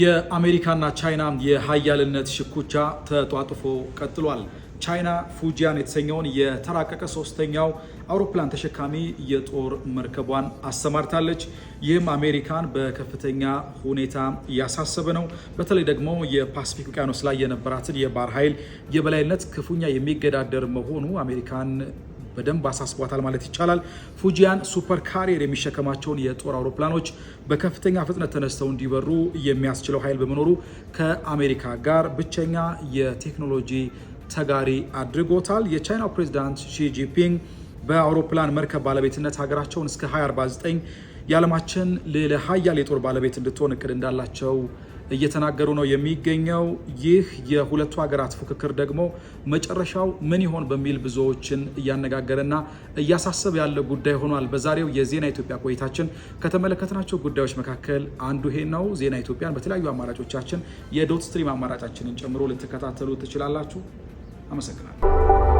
የአሜሪካና ቻይና የሀያልነት ሽኩቻ ተጧጥፎ ቀጥሏል። ቻይና ፉጂያን የተሰኘውን የተራቀቀ ሶስተኛው አውሮፕላን ተሸካሚ የጦር መርከቧን አሰማርታለች። ይህም አሜሪካን በከፍተኛ ሁኔታ እያሳሰበ ነው። በተለይ ደግሞ የፓስፊክ ውቅያኖስ ላይ የነበራትን የባህር ኃይል የበላይነት ክፉኛ የሚገዳደር መሆኑ አሜሪካን በደንብ አሳስቧታል ማለት ይቻላል። ፉጂያን ሱፐር ካሪየር የሚሸከማቸውን የጦር አውሮፕላኖች በከፍተኛ ፍጥነት ተነስተው እንዲበሩ የሚያስችለው ኃይል በመኖሩ ከአሜሪካ ጋር ብቸኛ የቴክኖሎጂ ተጋሪ አድርጎታል። የቻይናው ፕሬዚዳንት ሺጂፒንግ በአውሮፕላን መርከብ ባለቤትነት ሀገራቸውን እስከ 2049 የዓለማችን ሌላ ሀያል የጦር ባለቤት እንድትሆን እቅድ እንዳላቸው እየተናገሩ ነው የሚገኘው። ይህ የሁለቱ ሀገራት ፉክክር ደግሞ መጨረሻው ምን ይሆን በሚል ብዙዎችን እያነጋገረና እያሳሰብ ያለ ጉዳይ ሆኗል። በዛሬው የዜና ኢትዮጵያ ቆይታችን ከተመለከትናቸው ጉዳዮች መካከል አንዱ ይሄ ነው። ዜና ኢትዮጵያን በተለያዩ አማራጮቻችን የዶት ስትሪም አማራጫችንን ጨምሮ ልትከታተሉ ትችላላችሁ። አመሰግናለሁ።